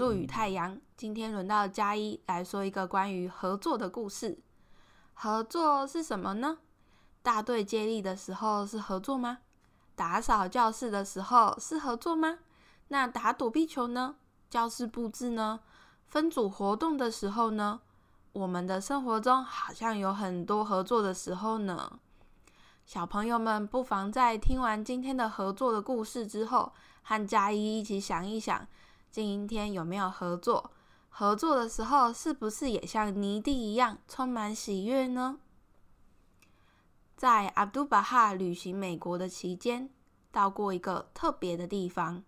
助與太陽，今天輪到嘉一來說一個關於合作的故事。合作是什麼呢？大隊接力的時候是合作嗎？打掃教室的時候是合作嗎？那打躲避球呢？教室布置呢？分組活動的時候呢？我們的生活中好像有很多合作的時候呢。小朋友們不妨在聽完今天的合作的故事之後，和嘉一一起想一想。今天有沒有合作？合作的時候是不是也像妮蒂一樣充滿喜悅呢？在阿卜杜巴哈旅行美國的期間，到過一個特別的地方，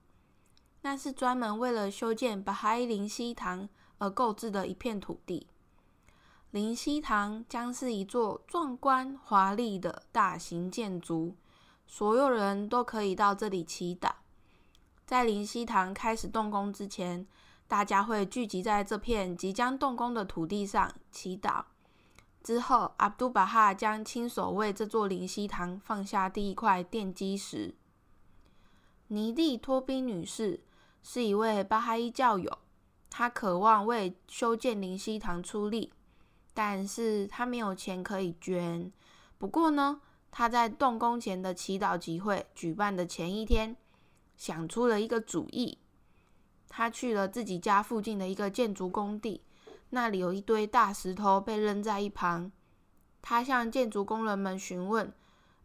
那是專門為了修建巴哈伊靈曦堂而購置的一片土地。靈曦堂將是一座壯觀華麗的大型建築，所有人都可以到這裡祈禱。在靈曦堂開始動工之前，大家會聚集在這片即將動工的土地上祈禱。之後，阿布都巴哈將親手為這座靈曦堂放下第一塊奠基石。妮蒂托賓女士是一位巴哈伊教友，她渴望為修建靈曦堂出力，但是她沒有錢可以捐。不過呢，她在動工前的祈禱集會舉辦的前一天，想出了一個主意，她去了自己家附近的一個建築工地，那裡有一堆大石頭被扔在一旁。她向建築工人們詢問：“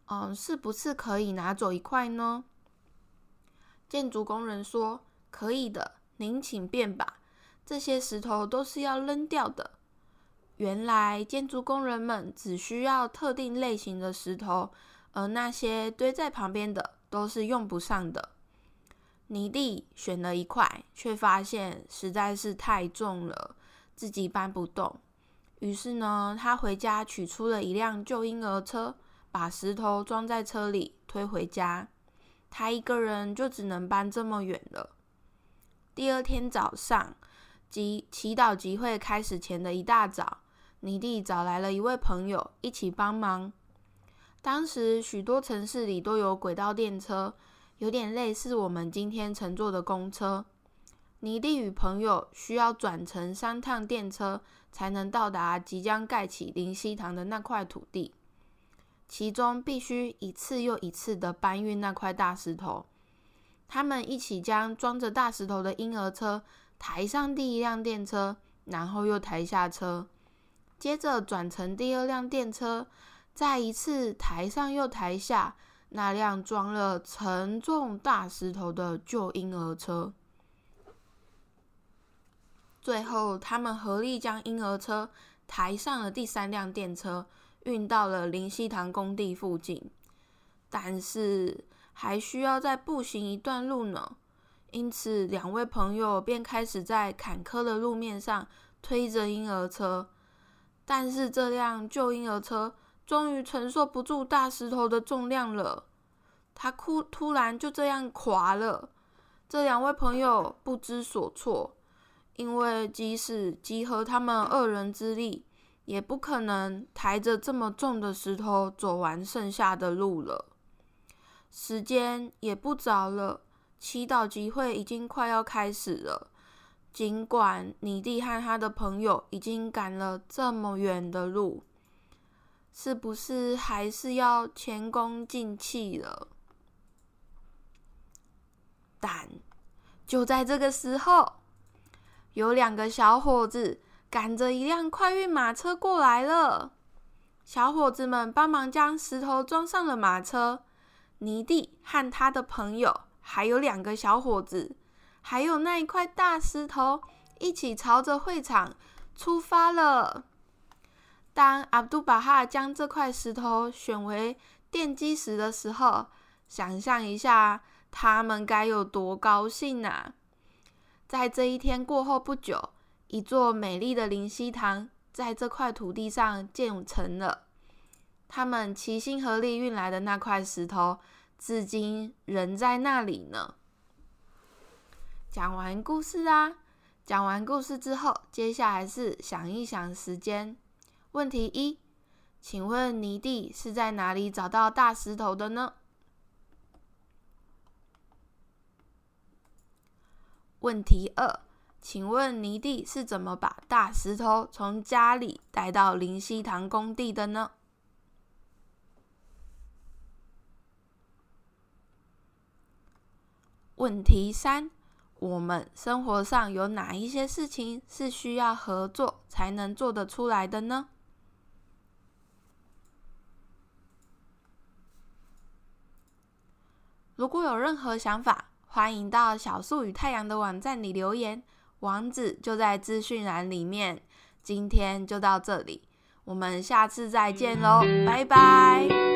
嗯，是不是可以拿走一塊呢？”建築工人說：“可以的，您請便吧。這些石頭都是要扔掉的。”原來建築工人們只需要特定類型的石頭，而那些堆在旁邊的都是用不上的。妮蒂選了一塊，卻發現實在是太重了，自己搬不動。於是呢，他回家取出了一輛舊嬰兒車，把石頭裝在車裡推回家。他一個人就只能搬這麼遠了。第二天早上，即祈禱集會開始前的一大早，妮蒂找來了一位朋友一起幫忙。當時許多城市裡都有軌道電車。有點類似我們今天乘坐的公車。妮蒂與朋友需要轉乘三趟電車才能到達即將蓋起靈曦堂的那塊土地，其中必須一次又一次地搬運那塊大石頭。他們一起將裝着大石頭的嬰兒車抬上第一輛電車，然後又抬下車，接着轉乘第二輛電車，再一次抬上又抬下。那輛裝了沉重大石頭的舊嬰兒車，最後他們合力將嬰兒車抬上了第三輛電車，運到了靈曦堂工地附近。但是還需要再步行一段路呢，因此兩位朋友便開始在坎坷的路面上推着嬰兒車。但是這輛舊嬰兒車。終於承受不住大石頭的重量了，他哭，突然就這樣垮了。這兩位朋友不知所措，因為即使集合他們二人之力，也不可能抬着這麼重的石頭走完剩下的路了。時間也不早了，祈禱集會已經快要開始了。儘管妮蒂和他的朋友已經趕了這麼遠的路。是不是還是要前功盡棄了？但就在這個時候，有兩個小伙子趕着一輛快運馬車過來了。小伙子們幫忙將石頭裝上了馬車，妮蒂和他的朋友，還有兩個小伙子，還有那一塊大石頭，一起朝着會場出發了。當阿卜杜巴哈將這塊石頭選為奠基石的時候，想象一下，他們該有多高興吶啊！在這一天過後不久，一座美麗的靈曦堂在這塊土地上建成了。他們齊心合力運來的那塊石頭，至今仍在那裡呢。講完故事啊，講完故事之後，接下來是想一想時間。問題一，請問妮蒂是在哪裡找到大石頭的呢？問題二，請問妮蒂是怎麼把大石頭從家裡帶到靈曦堂工地的呢？問題三，我們生活上有哪一些事情是需要合作才能做得出來的呢？如果有任何想法，歡迎到小樹與太陽的網站裡留言，網址就在資訊欄裡面。今天就到這裡，我們下次再見嘍，拜拜。